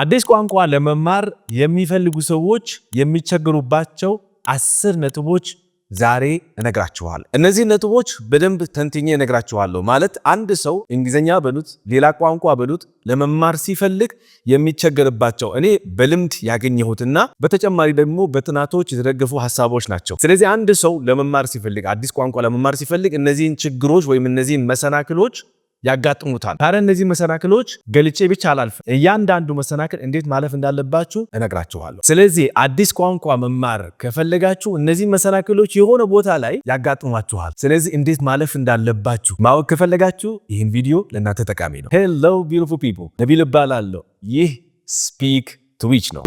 አዲስ ቋንቋ ለመማር የሚፈልጉ ሰዎች የሚቸገሩባቸው አስር ነጥቦች ዛሬ እነግራችኋል። እነዚህ ነጥቦች በደንብ ተንትኜ እነግራችኋለሁ። ማለት አንድ ሰው እንግሊዝኛ በሉት ሌላ ቋንቋ በሉት ለመማር ሲፈልግ የሚቸገርባቸው እኔ በልምድ ያገኘሁትና በተጨማሪ ደግሞ በጥናቶች የተደገፉ ሀሳቦች ናቸው። ስለዚህ አንድ ሰው ለመማር ሲፈልግ አዲስ ቋንቋ ለመማር ሲፈልግ እነዚህን ችግሮች ወይም እነዚህን መሰናክሎች ያጋጥሙታል። ታዲያ እነዚህ መሰናክሎች ገልጬ ብቻ አላልፍም። እያንዳንዱ መሰናክል እንዴት ማለፍ እንዳለባችሁ እነግራችኋለሁ። ስለዚህ አዲስ ቋንቋ መማር ከፈለጋችሁ እነዚህ መሰናክሎች የሆነ ቦታ ላይ ያጋጥሟችኋል። ስለዚህ እንዴት ማለፍ እንዳለባችሁ ማወቅ ከፈለጋችሁ ይህን ቪዲዮ ለእናንተ ጠቃሚ ነው። ሄሎ ቢዩቲፉል ፒፕል ነቢል እባላለሁ። ይህ ስፒክ ትዊች ነው።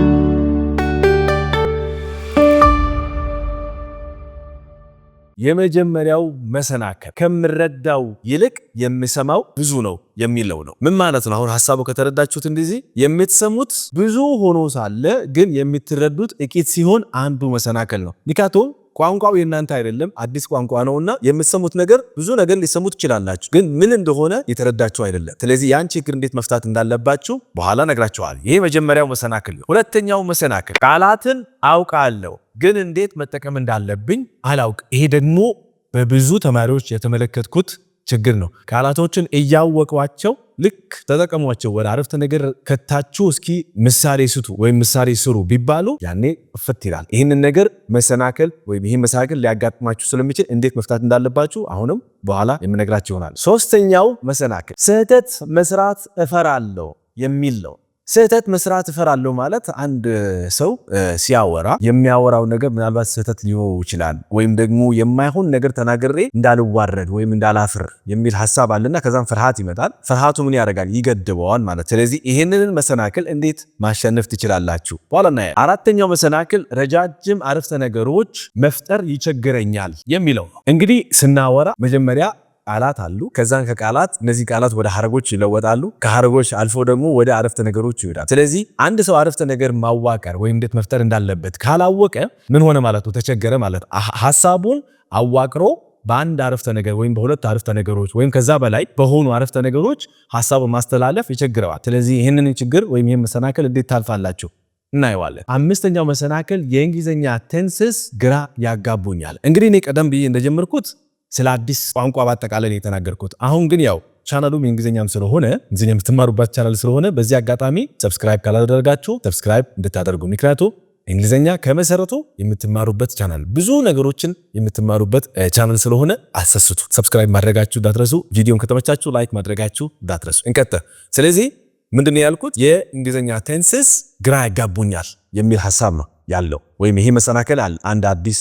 የመጀመሪያው መሰናከል ከምረዳው ይልቅ የምሰማው ብዙ ነው የሚለው ነው። ምን ማለት ነው? አሁን ሀሳቡ ከተረዳችሁት እንደዚህ የምትሰሙት ብዙ ሆኖ ሳለ ግን የምትረዱት ጥቂት ሲሆን አንዱ መሰናከል ነው። ምክንያቱም ቋንቋው የእናንተ አይደለም፣ አዲስ ቋንቋ ነውና የምትሰሙት ነገር ብዙ ነገር ሊሰሙ ትችላላችሁ፣ ግን ምን እንደሆነ የተረዳችሁ አይደለም። ስለዚህ ያን ችግር እንዴት መፍታት እንዳለባችሁ በኋላ ነግራችኋል። ይህ መጀመሪያው መሰናክል ነው። ሁለተኛው መሰናክል ቃላትን አውቃለሁ፣ ግን እንዴት መጠቀም እንዳለብኝ አላውቅ። ይሄ ደግሞ በብዙ ተማሪዎች የተመለከትኩት ችግር ነው። ቃላቶችን እያወቋቸው ልክ ተጠቀሟቸው ወደ አረፍተ ነገር ከታችሁ እስኪ ምሳሌ ስቱ ወይም ምሳሌ ስሩ ቢባሉ ያኔ ፍት ይላል። ይህንን ነገር መሰናክል ወይም ይህ መሰናክል ሊያጋጥማችሁ ስለሚችል እንዴት መፍታት እንዳለባችሁ አሁንም በኋላ የምነግራችሁ ይሆናል። ሶስተኛው መሰናክል ስህተት መስራት እፈራለሁ የሚል ነው። ስህተት መስራት እፈራለሁ ማለት አንድ ሰው ሲያወራ የሚያወራው ነገር ምናልባት ስህተት ሊሆ ይችላል፣ ወይም ደግሞ የማይሆን ነገር ተናግሬ እንዳልዋረድ ወይም እንዳላፍር የሚል ሀሳብ አለና ከዛም ፍርሃት ይመጣል። ፍርሃቱ ምን ያደርጋል? ይገድበዋል ማለት። ስለዚህ ይህንን መሰናክል እንዴት ማሸነፍ ትችላላችሁ? በኋላ አራተኛው መሰናክል ረጃጅም አረፍተ ነገሮች መፍጠር ይቸግረኛል የሚለው ነው። እንግዲህ ስናወራ መጀመሪያ ቃላት አሉ። ከዛን ከቃላት እነዚህ ቃላት ወደ ሀረጎች ይለወጣሉ። ከሀረጎች አልፎ ደግሞ ወደ አረፍተ ነገሮች ይሄዳሉ። ስለዚህ አንድ ሰው አረፍተ ነገር ማዋቀር ወይም እንዴት መፍጠር እንዳለበት ካላወቀ ምን ሆነ ማለት ነው? ተቸገረ ማለት ሀሳቡን አዋቅሮ በአንድ አረፍተ ነገር ወይም በሁለት አረፍተ ነገሮች ወይም ከዛ በላይ በሆኑ አረፍተ ነገሮች ሀሳቡን ማስተላለፍ ይቸግረዋል። ስለዚህ ይህንን ችግር ወይም ይህን መሰናክል እንዴት ታልፋላችሁ እናየዋለን። አምስተኛው መሰናክል የእንግሊዝኛ ቴንስስ ግራ ያጋቡኛል። እንግዲህ እኔ ቀደም ብዬ እንደጀመርኩት ስለ አዲስ ቋንቋ በአጠቃላይ የተናገርኩት። አሁን ግን ያው ቻናሉም የእንግሊዝኛም ስለሆነ እንግሊዝኛ የምትማሩበት ቻናል ስለሆነ በዚህ አጋጣሚ ሰብስክራይብ ካላደረጋችሁ ሰብስክራይብ እንድታደርጉ፣ ምክንያቱ እንግሊዝኛ ከመሰረቱ የምትማሩበት ቻናል ብዙ ነገሮችን የምትማሩበት ቻናል ስለሆነ አሰስቱ። ሰብስክራይብ ማድረጋችሁ እንዳትረሱ፣ ቪዲዮን ከተመቻችሁ ላይክ ማድረጋችሁ እንዳትረሱ። እንቀጠ ስለዚህ ምንድን ያልኩት የእንግሊዝኛ ቴንስስ ግራ ያጋቡኛል የሚል ሀሳብ ነው ያለው ወይም ይሄ መሰናከል አንድ አዲስ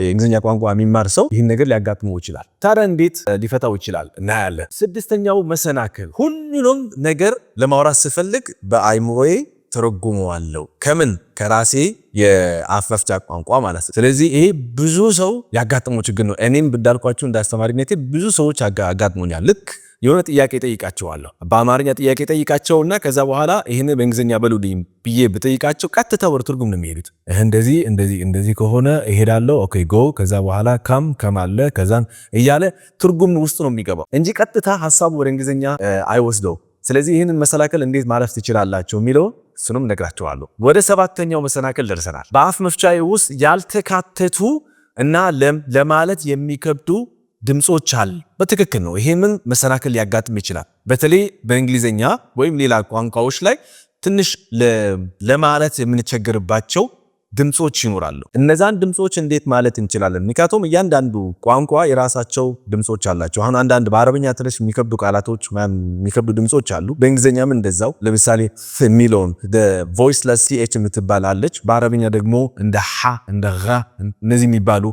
የእንግሊዝኛ ቋንቋ የሚማር ሰው ይህን ነገር ሊያጋጥመው ይችላል። ታዲያ እንዴት ሊፈታው ይችላል? እናያለን። ስድስተኛው መሰናክል ሁሉንም ነገር ለማውራት ስፈልግ በአይምሮዬ ተረጉመዋለሁ ከምን ከራሴ የአፍ መፍቻ ቋንቋ ማለት ነው። ስለዚህ ይሄ ብዙ ሰው ያጋጥመው ችግር ነው። እኔም እንዳልኳችሁ እንዳስተማሪነቴ ብዙ ሰዎች አጋጥሞኛል ልክ የሆነ ጥያቄ ጠይቃቸዋለሁ። በአማርኛ ጥያቄ ጠይቃቸውና ከዛ በኋላ ይህን በእንግሊዝኛ በሉልኝ ብዬ ብጠይቃቸው ቀጥታ ወደ ትርጉም ነው የሚሄዱት። እንደዚህ እንደዚህ እንደዚህ ከሆነ ይሄዳለው። ኦኬ ጎ፣ ከዛ በኋላ ካም ከም አለ ከዛን እያለ ትርጉም ውስጥ ነው የሚገባው እንጂ ቀጥታ ሀሳቡ ወደ እንግሊዝኛ አይወስደው። ስለዚህ ይህንን መሰናክል እንዴት ማለፍ ትችላላቸው የሚለው እሱንም ነግራቸዋለሁ። ወደ ሰባተኛው መሰናክል ደርሰናል። በአፍ መፍቻዬ ውስጥ ያልተካተቱ እና ለማለት የሚከብዱ ድምፆች አሉ። በትክክል ነው። ምን መሰናክል ሊያጋጥም ይችላል። በተለይ በእንግሊዝኛ ወይም ሌላ ቋንቋዎች ላይ ትንሽ ለማለት የምንቸግርባቸው ድምፆች ይኖራሉ። እነዛን ድምፆች እንዴት ማለት እንችላለን? ምክንያቱም እያንዳንዱ ቋንቋ የራሳቸው ድምፆች አላቸው። አሁን አንዳንድ በአረብኛ ትንሽ የሚከብዱ ቃላቶች፣ የሚከብዱ ድምፆች አሉ። በእንግሊዝኛም እንደዛው ለምሳሌ የሚለውን ቮይስለስ ሲኤች የምትባል አለች። በአረብኛ ደግሞ እንደ ሀ እንደ እነዚህ የሚባሉ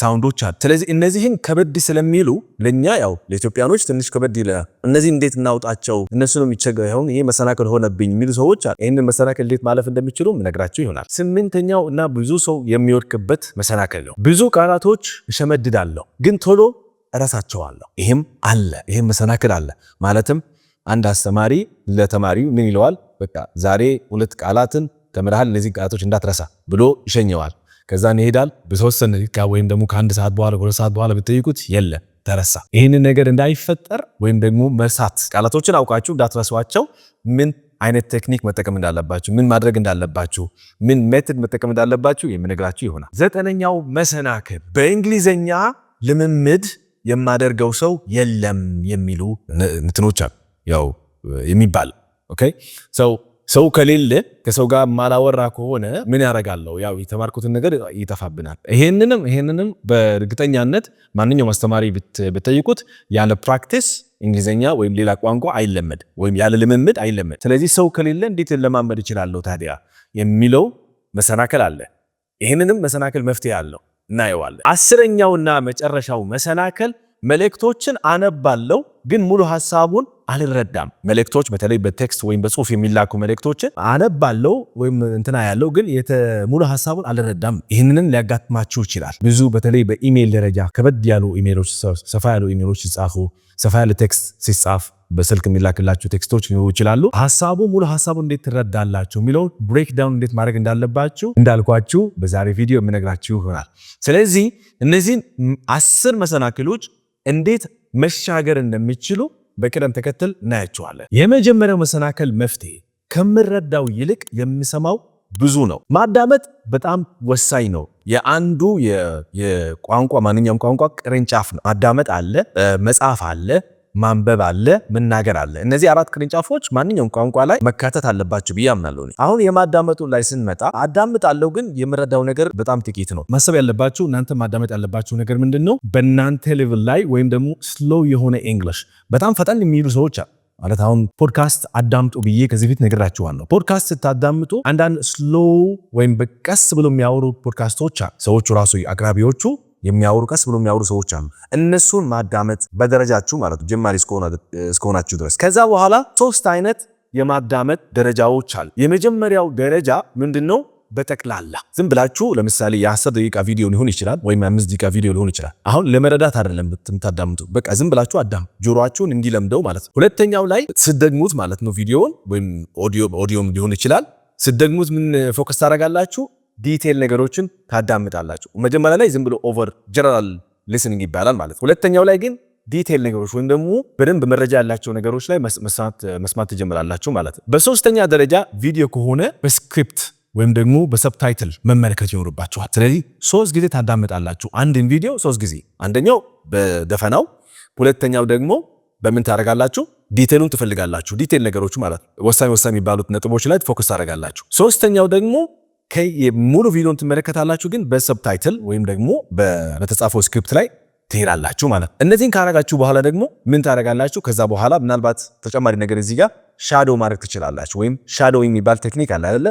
ሳውንዶች አሉ። ስለዚህ እነዚህን ከበድ ስለሚሉ ለእኛ ያው ለኢትዮጵያኖች ትንሽ ከበድ ይለ እነዚህ እንዴት እናውጣቸው? እነሱ ነው የሚቸገ ይሄ መሰናክል ሆነብኝ የሚሉ ሰዎች አሉ። ይህንን መሰናክል እንዴት ማለፍ እንደሚችሉ ነግራቸው ይሆናል። ስምንተኛው እና ብዙ ሰው የሚወድቅበት መሰናክል ነው። ብዙ ቃላቶች እሸመድዳለሁ ግን ቶሎ እረሳቸዋለሁ። ይህም አለ፣ ይህም መሰናክል አለ። ማለትም አንድ አስተማሪ ለተማሪው ምን ይለዋል? በቃ ዛሬ ሁለት ቃላትን ተምረሃል፣ እነዚህ ቃላቶች እንዳትረሳ ብሎ ይሸኘዋል። ከዛን ይሄዳል። በተወሰነ ደቂቃ ወይም ደግሞ ከአንድ ሰዓት በኋላ ሁለት ሰዓት በኋላ ብትጠይቁት የለ ተረሳ። ይህንን ነገር እንዳይፈጠር ወይም ደግሞ መርሳት ቃላቶችን አውቃችሁ እንዳትረሷቸው ምን አይነት ቴክኒክ መጠቀም እንዳለባችሁ፣ ምን ማድረግ እንዳለባችሁ፣ ምን ሜትድ መጠቀም እንዳለባችሁ የምነግራችሁ ይሆናል። ዘጠነኛው መሰናክል በእንግሊዘኛ ልምምድ የማደርገው ሰው የለም የሚሉ እንትኖች ያው የሚባል ኦኬ ሰው ሰው ከሌለ ከሰው ጋር ማላወራ ከሆነ ምን ያደርጋለሁ? ያው የተማርኩትን ነገር ይጠፋብናል። ይሄንንም ይሄንንም በእርግጠኛነት ማንኛውም አስተማሪ ብትጠይቁት ያለ ፕራክቲስ እንግሊዝኛ ወይም ሌላ ቋንቋ አይለመድ ወይም ያለ ልምምድ አይለመድ። ስለዚህ ሰው ከሌለ እንዴት ለማመድ እችላለሁ ታዲያ የሚለው መሰናከል አለ። ይህንንም መሰናከል መፍትሄ አለው፣ እናየዋለን። አስረኛውና መጨረሻው መሰናከል መልእክቶችን አነባለው ግን ሙሉ ሀሳቡን አልረዳም። መልእክቶች በተለይ በቴክስት ወይም በጽሁፍ የሚላኩ መልእክቶችን አነባለው ወይም እንትና ያለው ግን ሙሉ ሀሳቡን አልረዳም። ይህንን ሊያጋጥማችሁ ይችላል። ብዙ በተለይ በኢሜይል ደረጃ ከበድ ያሉ ኢሜይሎች፣ ሰፋ ያሉ ኢሜይሎች ሲጻፉ፣ ሰፋ ያለ ቴክስት ሲጻፍ በስልክ የሚላክላቸው ቴክስቶች ሊኖሩ ይችላሉ። ሀሳቡ ሙሉ ሀሳቡ እንዴት ትረዳላችሁ የሚለውን ዳውን እንዴት ማድረግ እንዳለባችሁ እንዳልኳችሁ በዛሬ ቪዲዮ የምነግራችሁ ይሆናል። ስለዚህ እነዚህን አስር መሰናክሎች እንዴት መሻገር እንደሚችሉ በቅደም ተከተል እናያቸዋለን። የመጀመሪያው መሰናከል መፍትሄ ከምረዳው ይልቅ የሚሰማው ብዙ ነው። ማዳመጥ በጣም ወሳኝ ነው። የአንዱ የቋንቋ ማንኛውም ቋንቋ ቅርንጫፍ ነው። ማዳመጥ አለ፣ መጻፍ አለ ማንበብ አለ፣ መናገር አለ። እነዚህ አራት ቅርንጫፎች ማንኛውም ቋንቋ ላይ መካተት አለባቸው ብዬ አምናለሁ። አሁን የማዳመጡ ላይ ስንመጣ አዳምጣለሁ፣ ግን የምረዳው ነገር በጣም ጥቂት ነው። ማሰብ ያለባችሁ እናንተ ማዳመጥ ያለባችሁ ነገር ምንድን ነው? በእናንተ ሌቭል ላይ ወይም ደግሞ ስሎ የሆነ ኤንግሊሽ በጣም ፈጠን የሚሉ ሰዎች አሉ። ማለት አሁን ፖድካስት አዳምጡ ብዬ ከዚህ ፊት ነግራችኋል ነው። ፖድካስት ስታዳምጡ አንዳንድ ስሎ ወይም በቀስ ብሎ የሚያወሩ ፖድካስቶች ሰዎቹ ራሱ አቅራቢዎቹ የሚያወሩ ቀስ ብሎ የሚያወሩ ሰዎች አሉ። እነሱን ማዳመጥ በደረጃችሁ ማለት ነው፣ ጀማሪ እስከሆናችሁ ድረስ። ከዛ በኋላ ሶስት አይነት የማዳመጥ ደረጃዎች አሉ። የመጀመሪያው ደረጃ ምንድን ነው? በጠቅላላ ዝም ብላችሁ ለምሳሌ የአስር ደቂቃ ቪዲዮ ሊሆን ይችላል፣ ወይም የአምስት ደቂቃ ቪዲዮ ሊሆን ይችላል። አሁን ለመረዳት አይደለም የምታዳምጡ፣ በቃ ዝም ብላችሁ አዳም ጆሮችሁን እንዲለምደው ማለት ነው። ሁለተኛው ላይ ስደግሙት ማለት ነው ቪዲዮውን ወይም ኦዲዮም ሊሆን ይችላል ስደግሙት ምን ፎከስ ታደርጋላችሁ? ዲቴል ነገሮችን ታዳምጣላችሁ። መጀመሪያ ላይ ዝም ብሎ ኦቨር ጀነራል ሊስኒንግ ይባላል ማለት። ሁለተኛው ላይ ግን ዲቴል ነገሮች ወይም ደግሞ በደንብ መረጃ ያላቸው ነገሮች ላይ መስማት ትጀምራላችሁ ማለት ነው። በሶስተኛ ደረጃ ቪዲዮ ከሆነ በስክሪፕት ወይም ደግሞ በሰብታይትል መመልከት ይኖርባችኋል። ስለዚህ ሶስት ጊዜ ታዳምጣላችሁ አንድን ቪዲዮ ሶስት ጊዜ፣ አንደኛው በደፈናው፣ ሁለተኛው ደግሞ በምን ታደርጋላችሁ ዲቴሉን ትፈልጋላችሁ። ዲቴል ነገሮች ማለት ወሳኝ ወሳኝ የሚባሉት ነጥቦች ላይ ፎከስ ታደርጋላችሁ። ሶስተኛው ደግሞ ሙሉ ቪዲዮን ትመለከታላችሁ፣ ግን በሰብታይትል ወይም ደግሞ በተጻፈው ስክሪፕት ላይ ትሄዳላችሁ ማለት ነው። እነዚህን ካረጋችሁ በኋላ ደግሞ ምን ታደረጋላችሁ? ከዛ በኋላ ምናልባት ተጨማሪ ነገር እዚህ ጋር ሻዶ ማድረግ ትችላላችሁ። ወይም ሻዶ የሚባል ቴክኒክ አለ አይደለ?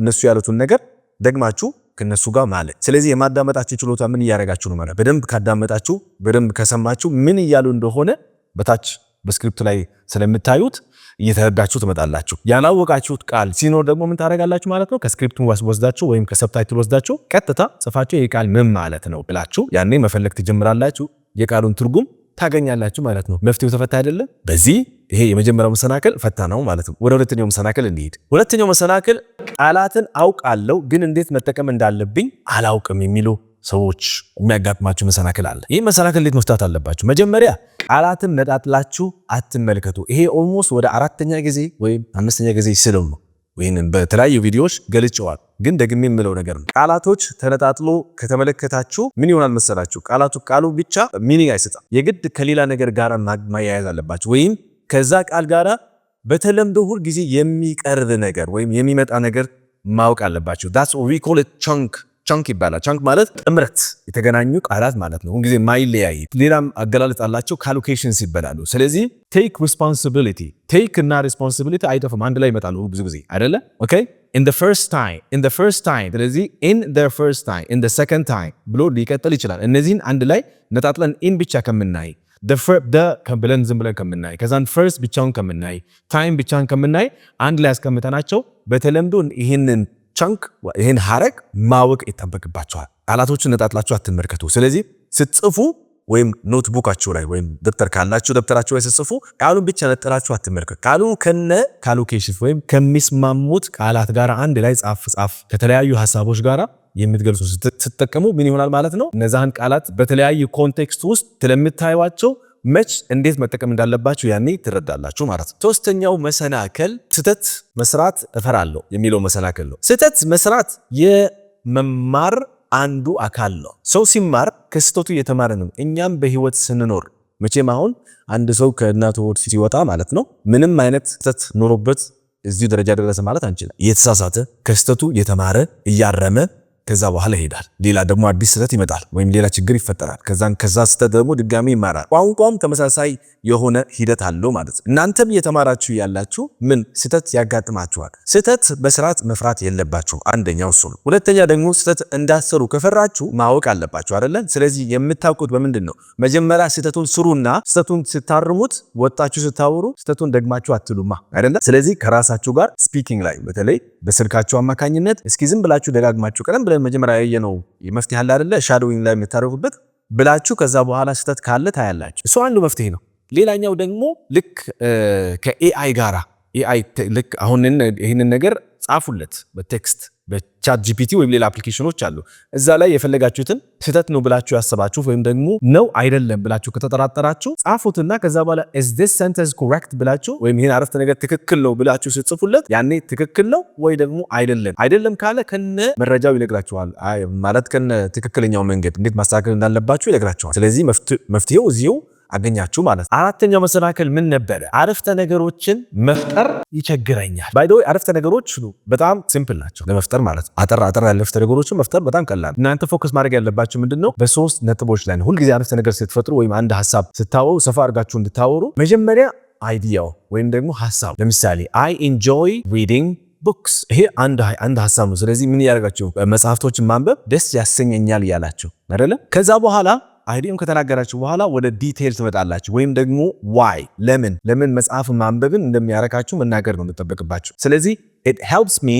እነሱ ያሉትን ነገር ደግማችሁ ከነሱ ጋር ማለት። ስለዚህ የማዳመጣችሁ ችሎታ ምን እያደረጋችሁ ነው ማለት በደንብ ካዳመጣችሁ፣ በደንብ ከሰማችሁ ምን እያሉ እንደሆነ በታች በስክሪፕት ላይ ስለምታዩት እየተረዳችሁ ትመጣላችሁ። ያላወቃችሁት ቃል ሲኖር ደግሞ ምን ታደረጋላችሁ ማለት ነው ከስክሪፕቱ ወስዳችሁ ወይም ከሰብታይትል ወስዳችሁ ቀጥታ ጽፋችሁ ይህ ቃል ምን ማለት ነው ብላችሁ ያኔ መፈለግ ትጀምራላችሁ። የቃሉን ትርጉም ታገኛላችሁ ማለት ነው። መፍትሄው ተፈታ አይደለም። በዚህ ይሄ የመጀመሪያው መሰናክል ፈታ ነው ማለት ነው። ወደ ሁለተኛው መሰናክል እንሂድ። ሁለተኛው መሰናክል ቃላትን አውቃለሁ ግን እንዴት መጠቀም እንዳለብኝ አላውቅም የሚሉ ሰዎች የሚያጋጥማችሁ መሰናክል አለ። ይህ መሰናክል እንዴት መፍታት አለባችሁ? መጀመሪያ ቃላትን ነጣጥላችሁ አትመልከቱ። ይሄ ኦልሞስት ወደ አራተኛ ጊዜ ወይም አምስተኛ ጊዜ ስለው ነው ወይም በተለያዩ ቪዲዮዎች ገልጨዋል፣ ግን ደግሜ የምለው ነገር ነው። ቃላቶች ተነጣጥሎ ከተመለከታችሁ ምን ይሆናል መሰላችሁ? ቃላቱ ቃሉ ብቻ ሚኒንግ አይሰጣም። የግድ ከሌላ ነገር ጋር ማያያዝ አለባችሁ፣ ወይም ከዛ ቃል ጋር በተለምዶ ሁል ጊዜ የሚቀርብ ነገር ወይም የሚመጣ ነገር ማወቅ አለባችሁ። ዳትስ ዊ ኮል ቻንክ ቻንክ ይባላል። ቻንክ ማለት ጥምረት የተገናኙ ቃላት ማለት ነው። ሁልጊዜ ማይለያይ ሌላም አገላለጥ አላቸው። ካሎኬሽንስ ይባላሉ። ስለዚህ ቴክ ሪስፖንሲቢሊቲ ቴክ እና ሪስፖንሲቢሊቲ አይጠፉም፣ አንድ ላይ ይመጣሉ ብዙ ጊዜ አይደለ? ኦኬ ኢን ዘ ፈርስት ታይም ኢን ዘ ፈርስት ታይም። ስለዚህ ኢን ዘ ፈርስት ታይም ኢን ዘ ሰከንድ ታይም ብሎ ሊቀጥል ይችላል። እነዚህን አንድ ላይ ነጣጥለን ኢን ብቻ ከምናይ ብለን ዝም ብለን ከምናይ ከዛን ፈርስት ብቻውን ከምናይ ታይም ብቻን ከምናይ አንድ ላይ ያስቀምጠናቸው በተለምዶ ይህንን ቻንክ ይህን ሀረግ ማወቅ ይጠበቅባቸዋል። ቃላቶችን ነጣጥላችሁ አትመልከቱ። ስለዚህ ስትጽፉ ወይም ኖትቡካችሁ ላይ ወይም ደብተር ካላችሁ ደብተራችሁ ላይ ስትጽፉ ቃሉን ብቻ ነጥላችሁ አትመልከቱ። ቃሉ ከነ ካሎኬሽን ወይም ከሚስማሙት ቃላት ጋር አንድ ላይ ጻፍ ጻፍ ከተለያዩ ሀሳቦች ጋር የምትገልጹ ስትጠቀሙ ምን ይሆናል ማለት ነው? እነዛህን ቃላት በተለያዩ ኮንቴክስት ውስጥ ስለምታዩቸው መች እንዴት መጠቀም እንዳለባችሁ ያኔ ትረዳላችሁ ማለት ነው። ሶስተኛው መሰናከል ስህተት መስራት እፈራለሁ የሚለው መሰናከል ነው። ስህተት መስራት የመማር አንዱ አካል ነው። ሰው ሲማር ከስህተቱ እየተማረ ነው። እኛም በህይወት ስንኖር መቼም አሁን አንድ ሰው ከእናቱ ሆድ ሲወጣ ማለት ነው ምንም አይነት ስህተት ኖሮበት እዚሁ ደረጃ ደረሰ ማለት አንችልም። እየተሳሳተ ከስህተቱ እየተማረ እያረመ ከዛ በኋላ ይሄዳል። ሌላ ደግሞ አዲስ ስህተት ይመጣል ወይም ሌላ ችግር ይፈጠራል። ከዛን ከዛ ስህተት ደግሞ ድጋሚ ይማራል። ቋንቋም ተመሳሳይ የሆነ ሂደት አለው ማለት ነው። እናንተም እየተማራችሁ ያላችሁ ምን ስህተት ያጋጥማችኋል። ስህተት በስርዓት መፍራት የለባችሁ። አንደኛው እሱ ነው። ሁለተኛ ደግሞ ስህተት እንዳሰሩ ከፈራችሁ ማወቅ አለባችሁ አይደለን? ስለዚህ የምታውቁት በምንድን ነው? መጀመሪያ ስህተቱን ስሩና ስህተቱን ስታርሙት ወጣችሁ ስታወሩ ስህተቱን ደግማችሁ አትሉማ አይደለ? ስለዚህ ከራሳችሁ ጋር ስፒኪንግ ላይ በተለይ በስልካችሁ አማካኝነት እስኪ ዝም ብላችሁ ደጋግማችሁ ቀደም ብለ መጀመሪያ ነው መፍትሄ አለ አይደለ? ሻዶዊንግ ላይ የምታደርጉበት ብላችሁ ከዛ በኋላ ስህተት ካለ ታያላችሁ። እሱ አንዱ መፍትሄ ነው። ሌላኛው ደግሞ ልክ ከኤአይ ጋራ ኤአይ ልክ አሁን ይህንን ነገር ጻፉለት በቴክስት በቻት ጂፒቲ ወይም ሌላ አፕሊኬሽኖች አሉ። እዛ ላይ የፈለጋችሁትን ስህተት ነው ብላችሁ ያሰባችሁ ወይም ደግሞ ነው አይደለም ብላችሁ ከተጠራጠራችሁ ጻፉትና ከዛ በኋላ is this sentence ብላችሁ ወይም ይህን አረፍተ ነገር ትክክል ነው ብላችሁ ስጽፉለት ያኔ ትክክል ነው ወይ ደግሞ አይደለም። አይደለም ካለ ከነ መረጃው ይነግራችኋል፣ ማለት ከነ ትክክለኛው መንገድ እንዴት ማስተካከል እንዳለባችሁ ይነግራችኋል። ስለዚህ መፍትሄው እዚሁ አገኛችሁ ማለት ነው። አራተኛው መሰናክል ምን ነበረ? አረፍተ ነገሮችን መፍጠር ይቸግረኛል። ባይ ወይ አረፍተ ነገሮች በጣም ሲምፕል ናቸው ለመፍጠር ማለት ነው። አጠር አጠር ያለ አረፍተ ነገሮችን መፍጠር በጣም ቀላል። እናንተ ፎከስ ማድረግ ያለባችሁ ምንድን ነው? በሶስት ነጥቦች ላይ ነው። ሁልጊዜ አረፍተ ነገር ስትፈጥሩ ወይም አንድ ሀሳብ ስታወሩ ሰፋ አድርጋችሁ እንድታወሩ መጀመሪያ አይዲያው ወይም ደግሞ ሀሳብ። ለምሳሌ አይ ኢንጆይ ሪዲንግ ቡክስ ይሄ አንድ ሀሳብ ነው። ስለዚህ ምን እያደርጋቸው መጽሐፍቶችን ማንበብ ደስ ያሰኘኛል እያላችሁ አይደለም። ከዛ በኋላ አይዲም ከተናገራችሁ በኋላ ወደ ዲቴል ትመጣላችሁ፣ ወይም ደግሞ ዋይ ለምን ለምን መጽሐፍ ማንበብን እንደሚያረካችሁ መናገር ነው የምጠበቅባችሁ። ስለዚህ ኢት ሄልፕስ ሚ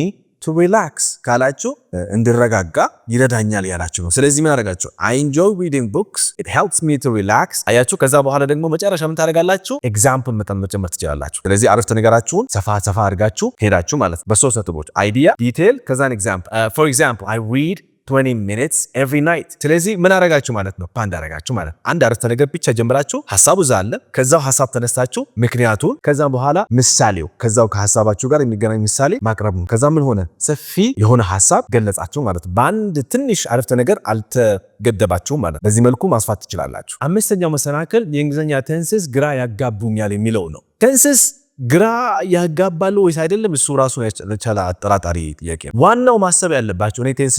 ቱ ሪላክስ ካላችሁ እንድረጋጋ ይረዳኛል ያላችሁ ነው። ስለዚህ ምን አረጋችሁ? I enjoy reading books it helps me to relax አያችሁ። ከዛ በኋላ ደግሞ መጨረሻ ምን ታደርጋላችሁ? ኤግዛምፕል መጠን መጨመር ትችላላችሁ። ስለዚህ አረፍተ ነገራችሁን ሰፋ ሰፋ አድርጋችሁ ሄዳችሁ ማለት ነው በሶስት ነጥቦች አይዲያ፣ ዲቴል ከዛን ኤግዛምፕል ፎር ኤግዛምፕል አይ ሪድ ኤቭሪ ናይት። ስለዚህ ምን አረጋችሁ ማለት ነው? ባንድ አረጋችሁ ማለት ነው። አንድ አረፍተ ነገር ብቻ ጀምራችሁ ሀሳቡ እዛ አለ። ከዛው ሀሳብ ተነሳችሁ ምክንያቱን፣ ከዛም በኋላ ምሳሌው፣ ከዛው ከሀሳባችሁ ጋር የሚገናኝ ምሳሌ ማቅረብ ነው። ከዛ ምን ሆነ? ሰፊ የሆነ ሀሳብ ገለጻችሁ ማለት ነው። በአንድ ትንሽ አረፍተ ነገር አልተገደባችሁም ማለት ነው። በዚህ መልኩ ማስፋት ትችላላችሁ። አምስተኛው መሰናክል የእንግሊዝኛ ቴንስስ ግራ ያጋቡኛል የሚለው ነው። ቴንስስ ግራ ያጋባለ ወይስ አይደለም? እሱ ራሱ የቻለ አጠራጣሪ ጥያቄ ዋናው ማሰብ ያለባቸው እኔ ቴንስ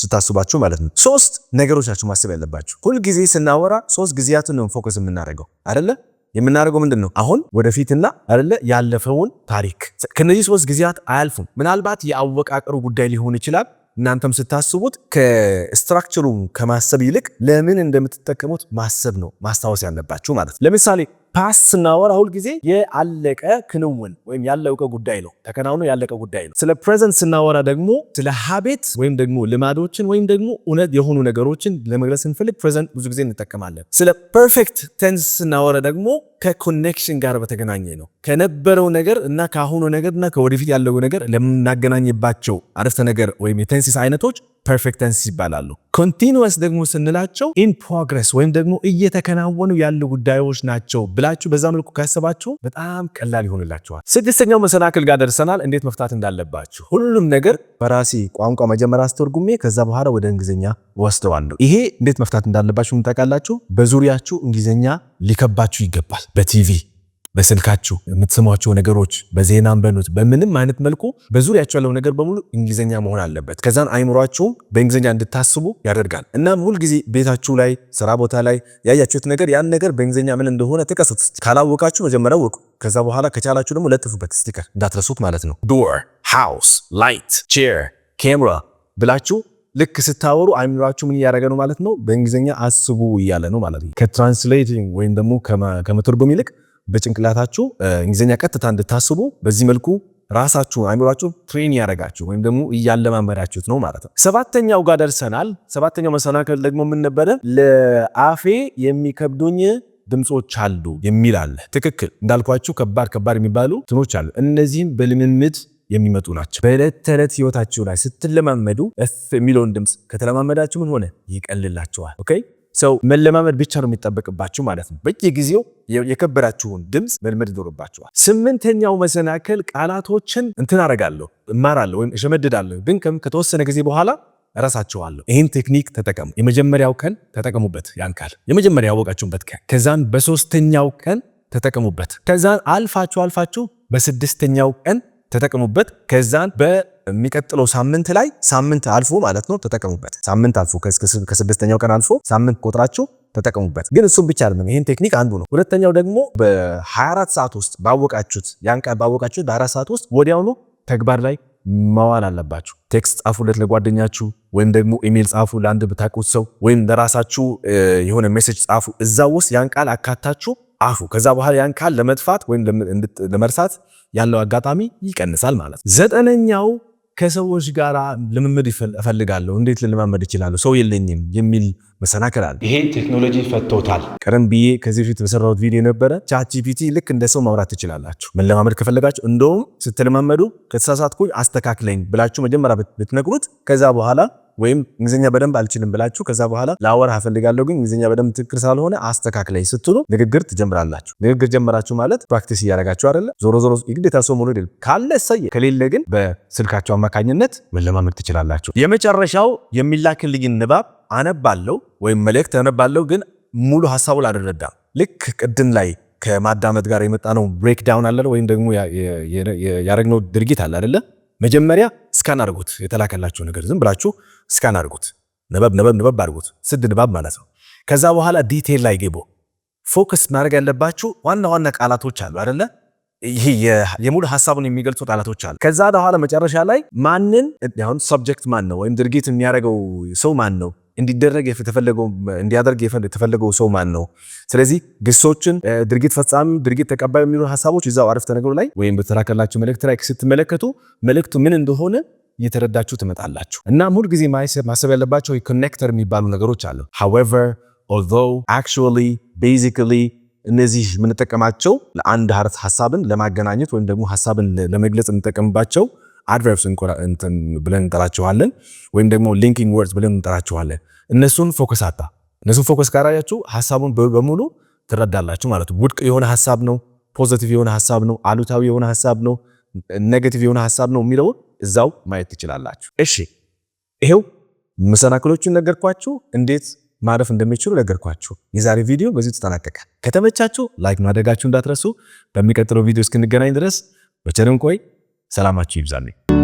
ስታስባችሁ ማለት ነው ሶስት ነገሮች ናቸው ማሰብ ያለባቸው። ሁልጊዜ ስናወራ ሶስት ጊዜያትን ነው ፎከስ የምናደርገው አይደለ? የምናደርገው ምንድን ነው? አሁን ወደፊትና አይደለ? ያለፈውን ታሪክ። ከነዚህ ሶስት ጊዜያት አያልፉም። ምናልባት የአወቃቀሩ ጉዳይ ሊሆን ይችላል። እናንተም ስታስቡት ከስትራክቸሩ ከማሰብ ይልቅ ለምን እንደምትጠቀሙት ማሰብ ነው ማስታወስ ያለባችሁ ማለት ነው። ለምሳሌ ፓስ ስናወራ ሁልጊዜ የአለቀ ክንውን ወይም ያለቀ ጉዳይ ነው፣ ተከናውኖ ያለቀ ጉዳይ ነው። ስለ ፕሬዘንት ስናወራ ደግሞ ስለ ሀቤት ወይም ደግሞ ልማዶችን ወይም ደግሞ እውነት የሆኑ ነገሮችን ለመግለጽ ስንፈልግ ፕሬዘንት ብዙ ጊዜ እንጠቀማለን። ስለ ፐርፌክት ቴንስ ስናወራ ደግሞ ከኮኔክሽን ጋር በተገናኘ ነው። ከነበረው ነገር እና ከአሁኑ ነገር እና ከወደፊት ያለው ነገር ለምናገናኝባቸው አረፍተ ነገር ወይም የቴንሲስ አይነቶች ፐርፌክት ቴንስ ይባላሉ። ኮንቲኒስ ደግሞ ስንላቸው ኢን ፕሮግረስ ወይም ደግሞ እየተከናወኑ ያሉ ጉዳዮች ናቸው ብላችሁ በዛ መልኩ ካሰባችሁ በጣም ቀላል ይሆንላችኋል። ስድስተኛው መሰናክል ጋር ደርሰናል፣ እንዴት መፍታት እንዳለባችሁ። ሁሉንም ነገር በራሴ ቋንቋ መጀመሪያ አስተርጉሜ ከዛ በኋላ ወደ እንግሊዝኛ ወስደዋለሁ። ይሄ እንዴት መፍታት እንዳለባችሁ ታውቃላችሁ። በዙሪያችሁ እንግሊዝኛ ሊከባችሁ ይገባል። በቲቪ በስልካችሁ የምትሰሟቸው ነገሮች በዜናም በኑት በምንም አይነት መልኩ በዙሪያቸው ያለው ነገር በሙሉ እንግሊዝኛ መሆን አለበት። ከዛን አይምሯችሁም በእንግሊዝኛ እንድታስቡ ያደርጋል። እናም ሁልጊዜ ቤታችሁ ላይ፣ ስራ ቦታ ላይ ያያችሁት ነገር ያን ነገር በእንግሊዝኛ ምን እንደሆነ ጥቀሱት። ካላወቃችሁ መጀመሪያ ወቁ። ከዛ በኋላ ከቻላችሁ ደግሞ ለጥፉበት ስቲከር እንዳትረሱት ማለት ነው። ዶር፣ ሃውስ፣ ላይት፣ ቼር፣ ካሜራ ብላችሁ ልክ ስታወሩ አይምሯችሁ ምን እያደረገ ነው ማለት ነው? በእንግሊዝኛ አስቡ እያለ ነው ማለት ነው። ከትራንስሌቲንግ ወይም ደግሞ ከመተርጎም ይልቅ በጭንቅላታችሁ እንግሊዝኛ ቀጥታ እንድታስቡ በዚህ መልኩ ራሳችሁ አይምሯችሁ ትሬን ያደረጋችሁ ወይም ደግሞ እያለማመዳችሁት ነው ማለት ነው። ሰባተኛው ጋር ደርሰናል። ሰባተኛው መሰናከል ደግሞ ምን ነበረ? ለአፌ የሚከብዱኝ ድምፆች አሉ የሚል አለ። ትክክል እንዳልኳችሁ ከባድ ከባድ የሚባሉ ትኖች አሉ። እነዚህም በልምምድ የሚመጡ ናቸው። በዕለት ተዕለት ህይወታችሁ ላይ ስትለማመዱ እፍ የሚለውን ድምፅ ከተለማመዳችሁ ምን ሆነ ይቀልላችኋል። ኦኬ ሰው መለማመድ ብቻ ነው የሚጠበቅባችሁ ማለት ነው። በየጊዜው የከበራችሁን ድምፅ መልመድ ይኖርባችኋል። ስምንተኛው መሰናክል ቃላቶችን እንትን አረጋለሁ እማራለሁ ወይም እሸመድዳለሁ፣ ግን ከተወሰነ ጊዜ በኋላ እረሳችኋለሁ። ይህን ቴክኒክ ተጠቀሙ። የመጀመሪያው ቀን ተጠቀሙበት። ያን ቃል የመጀመሪያ ያወቃችሁበት ቀን፣ ከዛን በሶስተኛው ቀን ተጠቀሙበት። ከዛን አልፋችሁ አልፋችሁ በስድስተኛው ቀን ተጠቀሙበት። ከዛን የሚቀጥለው ሳምንት ላይ ሳምንት አልፎ ማለት ነው ተጠቀሙበት። ሳምንት አልፎ ከስድስተኛው ቀን አልፎ ሳምንት ቆጥራችሁ ተጠቀሙበት። ግን እሱም ብቻ አይደለም፣ ይህን ቴክኒክ አንዱ ነው። ሁለተኛው ደግሞ በ24 ሰዓት ውስጥ ባወቃችሁት ያን ቀን ባወቃችሁት በ24 ሰዓት ውስጥ ወዲያውኑ ተግባር ላይ መዋል አለባችሁ። ቴክስት ጻፉለት ለጓደኛችሁ፣ ወይም ደግሞ ኢሜል ጻፉ ለአንድ ብታቁት ሰው፣ ወይም ለራሳችሁ የሆነ ሜሴጅ ጻፉ። እዛ ውስጥ ያን ቃል አካታችሁ አፉ ከዛ በኋላ ያን ቃል ለመጥፋት ወይም ለመርሳት ያለው አጋጣሚ ይቀንሳል ማለት ነው። ዘጠነኛው ከሰዎች ጋር ልምምድ እፈልጋለሁ። እንዴት ልልማመድ እችላለሁ? ሰው የለኝም የሚል መሰናክል አለ። ይሄ ቴክኖሎጂ ፈቶታል። ቀደም ብዬ ከዚህ በፊት በሰራሁት ቪዲዮ ነበረ። ቻትጂፒቲ ልክ እንደ ሰው ማውራት ትችላላችሁ መለማመድ ከፈለጋችሁ። እንደውም ስትለማመዱ ከተሳሳትኩኝ አስተካክለኝ ብላችሁ መጀመሪያ ብትነግሩት ከዛ በኋላ ወይም እንግሊዝኛ በደንብ አልችልም ብላችሁ ከዛ በኋላ ለአወር አፈልጋለሁ ግን እንግሊዝኛ በደንብ ትክክል ሳልሆነ አስተካክለኝ ስትሉ ንግግር ትጀምራላችሁ። ንግግር ጀመራችሁ ማለት ፕራክቲስ እያደረጋችሁ አይደለ? ዞሮ ዞሮ ግዴታ ሰው መሆኑ አይደለም ካለ ሰየ፣ ከሌለ ግን በስልካቸው አማካኝነት መለማመድ ትችላላችሁ። የመጨረሻው የሚላክልኝን ንባብ አነባለው ወይም መልእክት አነባለው ግን ሙሉ ሀሳቡ አልረዳም። ልክ ቅድም ላይ ከማዳመጥ ጋር የመጣ ነው ብሬክዳውን አለ ወይም ደግሞ ያደረግነው ድርጊት አለ አይደለ? መጀመሪያ እስካን አድርጉት የተላከላችሁ ነገር ዝም ብላችሁ ስካን አድርጉት። ነበብ ነበብ ነበብ አድርጉት፣ ስድ ንባብ ማለት ነው። ከዛ በኋላ ዲቴል ላይ ግቡ። ፎከስ ማድረግ ያለባችሁ ዋና ዋና ቃላቶች አሉ አይደለ? ይህ የሙሉ ሀሳቡን የሚገልጹ ቃላቶች አሉ። ከዛ በኋላ መጨረሻ ላይ ማንን አሁን ሰብጀክት ማን ነው ወይም ድርጊት የሚያደርገው ሰው ማን ነው እንዲደረግ እንዲያደርግ የተፈለገው ሰው ማን ነው? ስለዚህ ግሶችን፣ ድርጊት ፈጻሚ፣ ድርጊት ተቀባይ የሚሉ ሀሳቦች እዛው አረፍተ ነገሩ ላይ ወይም በተላከላቸው መልእክት ላይ ስትመለከቱ መልእክቱ ምን እንደሆነ እየተረዳችሁ ትመጣላችሁ። እናም ሁልጊዜ ማሰብ ያለባቸው ኮኔክተር የሚባሉ ነገሮች አሉ። however although actually basically እነዚህ የምንጠቀማቸው ለአንድ ሀሳብን ለማገናኘት ወይም ደግሞ ሀሳብን ለመግለጽ የምንጠቀምባቸው አድቨርብስ ብለን እንጠራቸዋለን፣ ወይም ደግሞ ሊንኪንግ ወርድስ ብለን እንጠራቸዋለን። እነሱን ፎከስ አታ እነሱን ፎከስ ካራያችሁ ሀሳቡን በሙሉ ትረዳላችሁ ማለት ነው። ውድቅ የሆነ ሀሳብ ነው፣ ፖዘቲቭ የሆነ ሀሳብ ነው፣ አሉታዊ የሆነ ሀሳብ ነው ኔጌቲቭ የሆነ ሀሳብ ነው የሚለውን እዛው ማየት ትችላላችሁ። እሺ ይሄው መሰናክሎቹን ነገርኳችሁ፣ እንዴት ማረፍ እንደሚችሉ ነገርኳችሁ። የዛሬ ቪዲዮ በዚህ ተጠናቀቀ። ከተመቻችሁ ላይክ ማድረጋችሁ እንዳትረሱ። በሚቀጥለው ቪዲዮ እስክንገናኝ ድረስ በቸርም ቆይ። ሰላማችሁ ይብዛልኝ።